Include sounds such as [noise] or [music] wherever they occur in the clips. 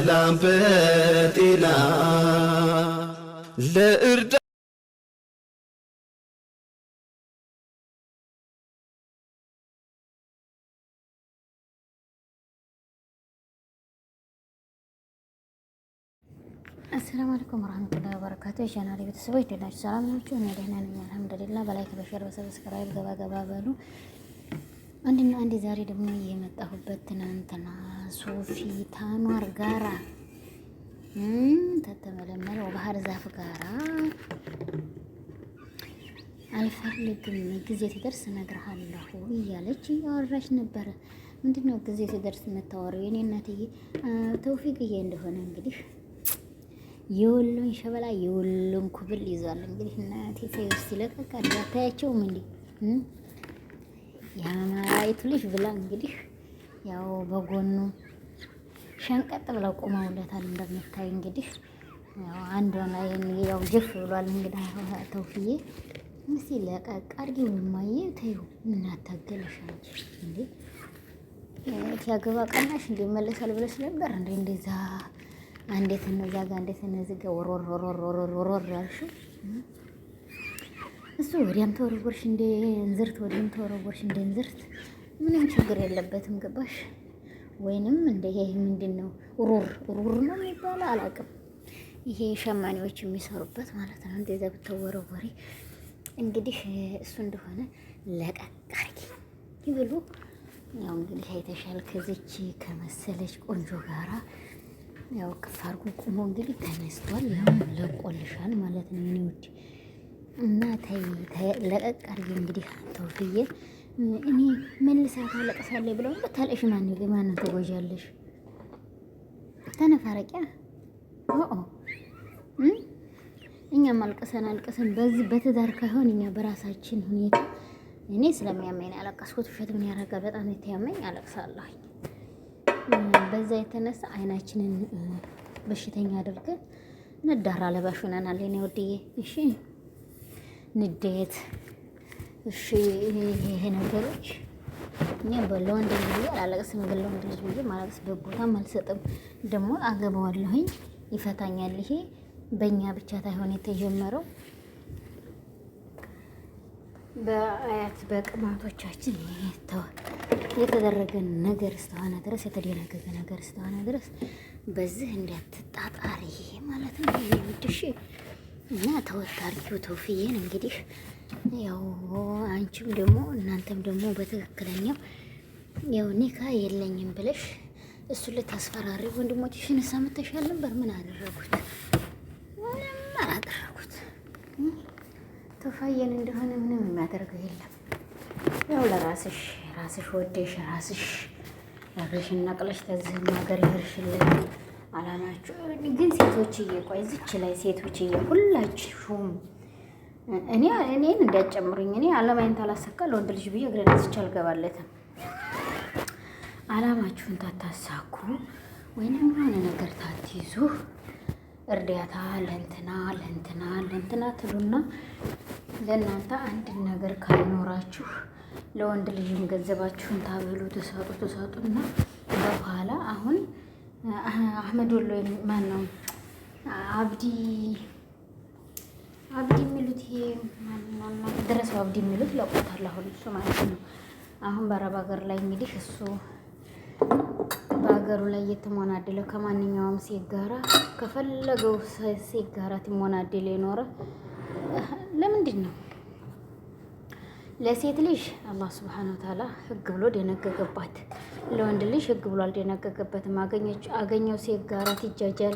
በሰላም በጤና ለእርዳ አሰላሙ አለይኩም ወራህመቱላሂ ወበረካቱህ። የቻናሌ ቤተሰቦች ደህና ናችሁ? ሰላም ናችሁ? እኔ ደህና ነኝ አልሐምዱሊላህ። በላይክ በሼር በሰብስክራይብ ገባ ገባ በሉ አንድና አንድ ዛሬ ደግሞ የመጣሁበት ትናንትና ሶፊ ታኗር ጋራ ተተመለመለው ባህር ዛፍ ጋራ አልፈልግም ጊዜ ሲደርስ እነግርሃለሁ እያለች እያወራች ነበረ። ምንድነው ጊዜ ሲደርስ የምታወሪው? የኔ እናትዬ ተውፊቅዬ እንደሆነ እንግዲህ የወሎን ሸበላ የወሎን ኩብል ይዟል እንግዲህ እናቴ ሲለቀቅ አዳታያቸውም እንዴ የአማራይቱ ልጅ ብላ እንግዲህ ያው በጎኑ ሸንቀጥ ብለው ቆመውለታል። እንደምታዩ እንግዲህ ያው አንዱ ላይ ያው ጅፍ ብሏል። እንግዲህ ተውፍዬ እስኪ ለቀቅ አድርጊው እማዬ ተይው፣ እናታገለሻል እንዴ ሲያገባ ቀናሽ እንደ መለሳል ብለሽ ነበር እንደ እንደዛ አንዴት እነዛ ጋር አንዴት እነዚህ ጋር ወሮር ወሮር ወሮር ወሮር ያልሽው እሱ ወዲያም ተወረወርሽ እንደ እንዝርት፣ ወዲያም ተወረወርሽ እንደ እንዝርት። ምንም ችግር የለበትም ገባሽ? ወይንም እንደ ይሄ ምንድን ነው ሩር ሩር ነው የሚባለው አላውቅም። ይሄ ሸማኔዎች የሚሰሩበት ማለት ነው። እንደዛ ብትወረወሪ እንግዲህ እሱ እንደሆነ ለቀቅ ይብሉ። ያው እንግዲህ አይተሻል። ከዚች ከመሰለች ቆንጆ ጋራ ያው ክፋርጉ ቁሞ እንግዲህ ተነስቷል። ያው ለቆልሻል ማለት ነው። እና ተይ ለቀቅ አድርጌ እንግዲህ ተውፍዬ እኔ መልሳ ታለቅሳለች ብለው ብታለቅሽ ማን ማንን ትጎዣለሽ? ተነፋረቂያ ኦ እኛም አልቀሰን አልቀሰን በዚህ በትዳር ካይሆን እኛ በራሳችን ሁኔታ እኔ ስለሚያመኝ ያለቀስኩት ውሸት ምን ያረጋ በጣም የተያመኝ አለቅሳለሁኝ። በዛ የተነሳ አይናችንን በሽተኛ አድርገን ነዳራ ለባሽ ሆነናል። ወድዬ እሺ ንዴት፣ እሺ ይሄ ነገሮች እኛ በለወንድ ልጅ አላለቅስም፣ ግን ለወንድ ልጅ ብዬ ማላለቅስበት ቦታም አልሰጥም። ደግሞ አገባዋለሁኝ፣ ይፈታኛል። ይሄ በእኛ ብቻ ታይሆን የተጀመረው በአያት በቅማቶቻችን የተደረገ ነገር እስከሆነ ድረስ የተደነገገ ነገር እስከሆነ ድረስ በዚህ እንዳትጣጣሪ ማለት ነው። ይሄ ውድሽ እና ተወታርኪው ተውፍዬን እንግዲህ ያው አንቺም ደግሞ እናንተም ደግሞ በትክክለኛው ያው ኒካ የለኝም ብለሽ እሱን ልታስፈራሪ ወንድሞችሽን ሰምተሻል ነበር። ምን አደረጉት? ምንም አላደረጉት። ተውፋዬን እንደሆነ ምንም የሚያደርገው የለም። ያው ለራስሽ ራስሽ ወደሽ ራስሽ ራስሽ ነቅለሽ ተዝህ ሀገር ይርሽልን አላማችሁ ግን ሴቶች እየቆይ ዝች ላይ ሴቶች እየ ሁላችሁም እኔ እኔን እንዳጨምሩኝ እኔ አላማዬን ታላሳካ ወንድ ልጅ ብዬ እግሬን አስቼ አልገባለትም። አላማችሁን ታታሳኩ ወይንም የሆነ ነገር ታትይዙ እርዳታ ለእንትና ለእንትና ለእንትና ትሉና ለእናንተ አንድን ነገር ካልኖራችሁ ለወንድ ልጅም ገንዘባችሁን ታበሉ ትሰጡ ትሰጡና በኋላ አሁን አህመድ ወሎ ማን ነው አብዲ አብዲ የሚሉት ይሄ ማን ድረሱ አብዲ የሚሉት ለቆታል። አሁን እሱ ማለት ነው። አሁን በአረብ ሀገር ላይ እንግዲህ እሱ በሀገሩ ላይ እየተሞናደለ ከማንኛውም ሴት ጋራ ከፈለገው ሴት ጋራ ትሞናደል የኖረ ለምንድን ነው? ለሴት ልጅ አላህ ስብሐነ ወተዓላ ህግ ብሎ ደነገገባት። ለወንድ ልጅ ህግ ብሎ አልደነገገበትም። አገኘው ሴት ጋራ ትጃጃል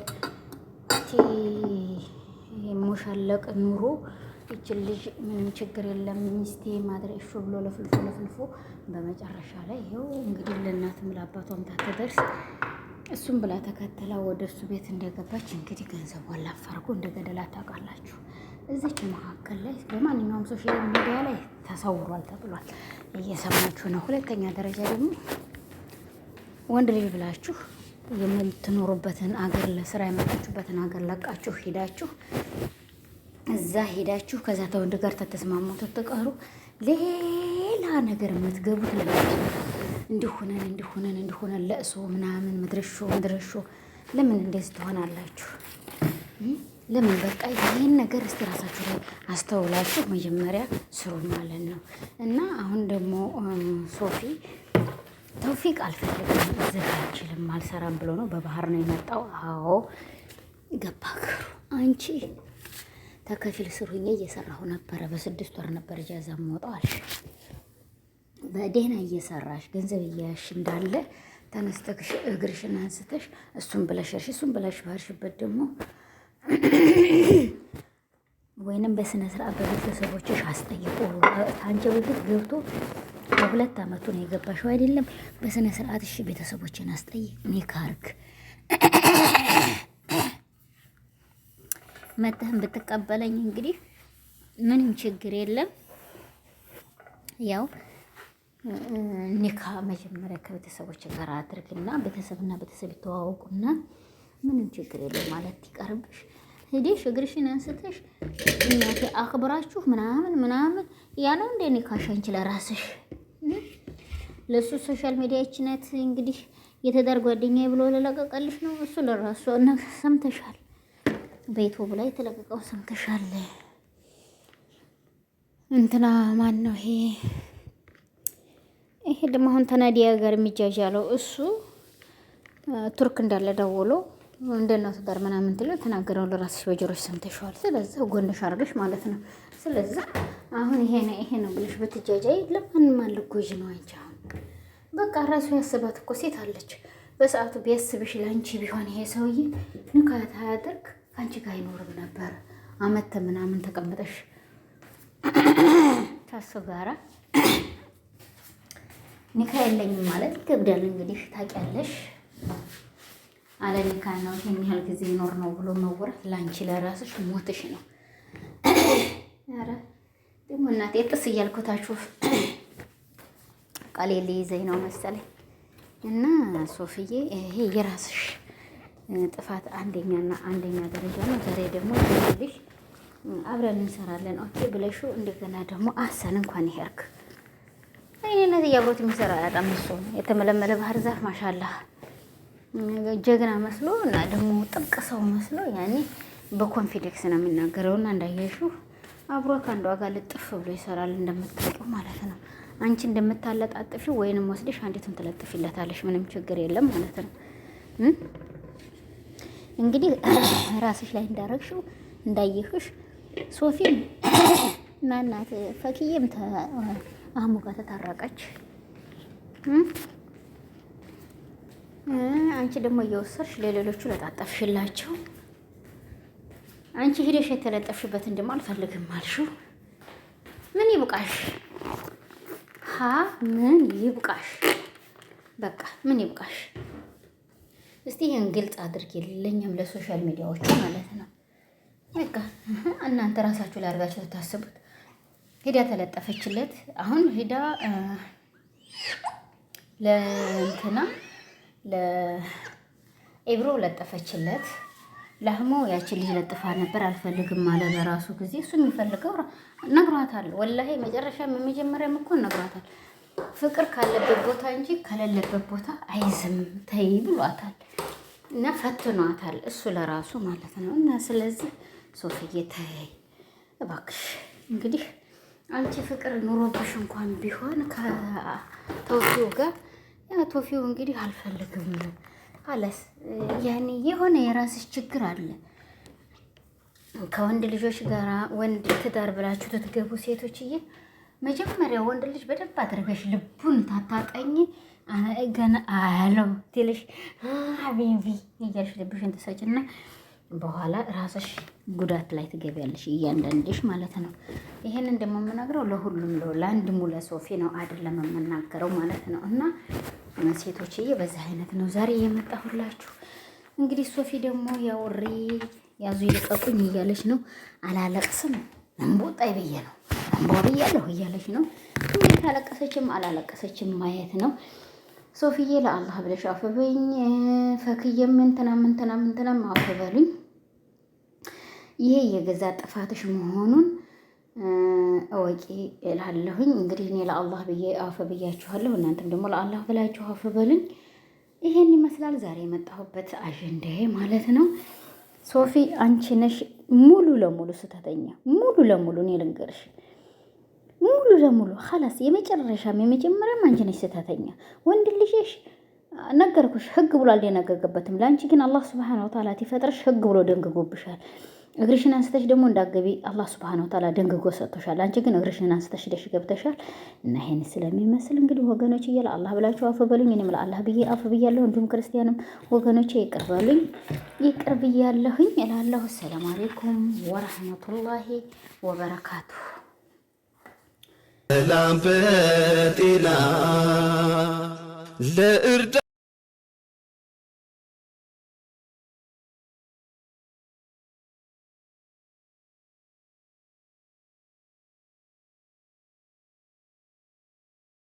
ሞሻለቅ ኑሮ ይችን ልጅ ምንም ችግር የለም ሚስቴ ማድረግ እሹ ብሎ ለፍልፎ ለፍልፎ በመጨረሻ ላይ ይኸው እንግዲህ ለእናትም ለአባቷም ታትደርስ እሱም ብላ ተከተላ ወደ እሱ ቤት እንደገባች እንግዲህ ገንዘቧን ላፋርጎ እንደገደላ ታውቃላችሁ። እዚች መካከል ላይ በማንኛውም ሶሻል ሚዲያ ላይ ተሰውሯል ተብሏል። እየሰማችሁ ነው። ሁለተኛ ደረጃ ደግሞ ወንድ ልጅ ብላችሁ የምትኖሩበትን አገር ለስራ የመጣችሁበትን አገር ለቃችሁ ሄዳችሁ እዛ ሄዳችሁ ከዛ ተወንድ ጋር ተተስማሙ ትቀሩ ሌላ ነገር የምትገቡት ለምን እንዲሆነን እንዲሆነን እንዲሆነን ለእሱ ምናምን ምድርሾ ምድረሾ ለምን እንደዚህ ትሆናላችሁ? ለምን በቃ ይህን ነገር እስቲ ራሳችሁ ላይ አስተውላችሁ መጀመሪያ ስሩ ማለት ነው። እና አሁን ደግሞ ሶፊ ተውፊቅ አልፈልግም እዚህ አልችልም አልሰራም ብሎ ነው። በባህር ነው የመጣው። አዎ ገባ ክሩ አንቺ ተከፊል ስሩኛ እየሰራሁ ነበረ። በስድስት ወር ነበር ጃዛ የምወጣው በደህና እየሰራሽ ገንዘብ እያያሽ እንዳለ ተነስተሽ እግርሽን አንስተሽ እሱን ብለሽ እርሽ እሱን ብለሽ ባርሽበት ደግሞ ወይንም በስነ ስርዓት በቤተሰቦችሽ አስጠይቁ። ከአንቺ በፊት ገብቶ በሁለት አመቱ ነው የገባሽው አይደለም? በስነ ስርዓት እሺ፣ ቤተሰቦችን አስጠይቅ። እኔ ካርክ ብትቀበለኝ እንግዲህ ምንም ችግር የለም። ያው ኒካ መጀመሪያ ከቤተሰቦች ጋር አድርግና ቤተሰብና ቤተሰብ ይተዋወቁና ምንም ችግር የለው ማለት ይቀርብሽ። ሄደሽ እግርሽን አንስተሽ እናቴ አክብራችሁ ምናምን ምናምን ያለው እንደ ኒካሽ አንቺ ለራስሽ ለእሱ ሶሻል ሚዲያችነት እንግዲህ የትዳር ጓደኛ ብሎ ለለቀቀልሽ ነው እሱ ለራሱ ሰምተሻል። በዩቱብ ላይ የተለቀቀው ሰምተሻል። እንትና ማን ነው ይሄ? ይሄ ደግሞ አሁን ተናዲያ ጋር የሚጃዣለው እሱ ቱርክ እንዳለ ደውሎ እንደ እናቱ ጋር ምናምን ትለው የተናገረው ለራስሽ በጆሮሽ ሰምተሽዋል። ስለዚህ ጎንሽ አድርገሽ ማለት ነው። ስለዚህ አሁን ይሄ ነው ይሄ ነው ብለሽ ብትጃጃይ ለማንም አልጎጂ ነው። አንቺ አሁን በቃ ራሱ ያስባት እኮ ሴት አለች። በሰዓቱ ቢያስብሽ ለአንቺ ቢሆን ይሄ ሰውዬ ንካት አያደርግ ከአንቺ ጋር አይኖርም ነበር። አመተ ምናምን ተቀምጠሽ ታሱ [clears throat] ጋራ ኒካ [clears throat] የለኝም ማለት ይገብዳል። እንግዲህ ታውቂያለሽ አለኒካ ነው ይሄን ያህል ጊዜ ኖር ነው ብሎ መወራት ለአንቺ ለራስሽ ሞትሽ ነው። ኧረ ደግሞ እናቴ ጥስ እያልኩታችሁ ቃሌ ሊይዘኝ ነው መሰለኝ። እና ሶፍዬ ይሄ የራስሽ ጥፋት አንደኛና አንደኛ ደረጃ ነው። ዛሬ ደግሞ ልጅ አብረን እንሰራለን ኦኬ ብለሹ እንደገና ደግሞ አሰን እንኳን ይሄርክ እኔ እነዚህ አብሮት የሚሰራ ያጣምሶ የተመለመለ ባህር ዛፍ ማሻላህ ጀግና መስሎ እና ደግሞ ጥብቅ ሰው መስሎ ያኔ በኮንፊደንስ ነው የሚናገረው እና እንዳየሹ አብሮ ከአንዷ ጋር ልጥፍ ብሎ ይሰራል እንደምታውቂው ማለት ነው። አንቺ እንደምታለጣጥፊው ወይንም ወስደሽ አንዲቱን ትለጥፊለታለሽ። ምንም ችግር የለም ማለት ነው። እንግዲህ [clears throat] ራስሽ ላይ እንዳረግሽው እንዳየሽሽ ሶፊም ማናት [clears throat] ፈኪዬም አህሙ ጋር ተታረቀች። አንቺ ደግሞ እየወሰድሽ ለሌሎቹ ለጣጠፍሽላቸው። አንቺ ሂደሽ የተለጠፍሽበትን ደግሞ አልፈልግም አልሽው። ምን ይብቃሽ? ሀ ምን ይብቃሽ? በቃ ምን ይብቃሽ? እስቲ ይህን ግልጽ አድርጊ፣ ለኛም ለሶሻል ሚዲያዎቹ ማለት ነው። በቃ እናንተ ራሳችሁ ላይ ታስቡት። ሂዳ ተለጠፈችለት። አሁን ሂዳ ለእንትና ለኤብሮ ለጠፈችለት። ለህሞ ያችን ልጅ ለጥፋ ነበር አልፈልግም አለ በራሱ ጊዜ። እሱ የሚፈልገው ነግሯታል። ወላሂ መጨረሻም የመጀመሪያም እኮ ነግሯታል። ፍቅር ካለበት ቦታ እንጂ ከሌለበት ቦታ አይዝም ተይ ብሏታል። እና ፈትኗታል እሱ ለራሱ ማለት ነው። እና ስለዚህ ሶፍዬ ተይ እባክሽ እንግዲህ አንቺ ፍቅር ኑሮብሽ እንኳን ቢሆን ከተውሲው ጋር ቶፊው እንግዲህ አልፈልግም አለስ። ያኔ የሆነ የራስሽ ችግር አለ ከወንድ ልጆች ጋራ ወንድ ትዳር ብላችሁ ትትገቡ ሴቶችዬ፣ መጀመሪያ ወንድ ልጅ በደንብ አድርገሽ ልቡን ታታቀኝ ገና አለው ትልሽ ቤቢ እያልሽ ልብሽን ትሰጭና በኋላ ራስሽ ጉዳት ላይ ትገቢያለሽ፣ እያንዳንድሽ ማለት ነው። ይሄንን ደግሞ የምነግረው ለሁሉም ለው ለአንድ ሙለ ሶፊ ነው አይደለም የምናገረው ማለት ነው እና ሴቶችዬ በዛ አይነት ነው ዛሬ የመጣሁላችሁ። እንግዲህ ሶፊ ደግሞ ያውሪ ያዙ ይልቀቁኝ እያለች ነው። አላለቅስም እንቦጣ ብዬ ነው እንቦ ብያለሁ እያለች ነው። እንዴት አለቀሰችም አላለቀሰችም ማየት ነው። ሶፊዬ ለአላህ ብለሽ አፈበኝ ፈክዬም እንትናም እንትናም እንትናም አፈበሉኝ። ይሄ የገዛ ጥፋትሽ መሆኑን እወቂ እላለሁኝ። እንግዲህ እኔ ለአላህ ብዬ አፈ ብያችኋለሁ፣ እናንተም ደግሞ ለአላህ ብላችሁ አፈ በሉኝ። ይሄን ይመስላል ዛሬ የመጣሁበት አጀንዳዬ ማለት ነው። ሶፊ አንቺ ነሽ ሙሉ ለሙሉ ስተተኛ፣ ሙሉ ለሙሉ እኔ ልንገርሽ፣ ሙሉ ለሙሉ ኸላስ፣ የመጨረሻም የመጀመሪያም አንቺ ነሽ ስተተኛ። ወንድ ልጅሽ ነገርኩሽ፣ ህግ ብሎ አልደነገገበትም። ለአንቺ ግን አላህ ስብሓን ወተዓላ ይፈጥርሽ ህግ ብሎ ደንግጎብሻል። እግርሽን አንስተሽ ደግሞ እንዳገቢ አላህ ስብሐነሁ ወተዓላ ደንግጎ ሰጥቶሻል። አንቺ ግን እግርሽን አንስተሽ ደሽ ገብተሻል እና ይሄን ስለሚመስል እንግዲህ ወገኖች እያለ አላህ ብላችሁ አፍ በሉኝ። እኔም ለአላህ ብዬ አፍ ብያለሁ። እንዲሁም ክርስቲያንም ወገኖች ይቅር በሉኝ፣ ይቅር ብያለሁኝ እላለሁ። ሰላም አሌይኩም ወረህመቱላሂ ወበረካቱ። ሰላም በጤና ለእርዳ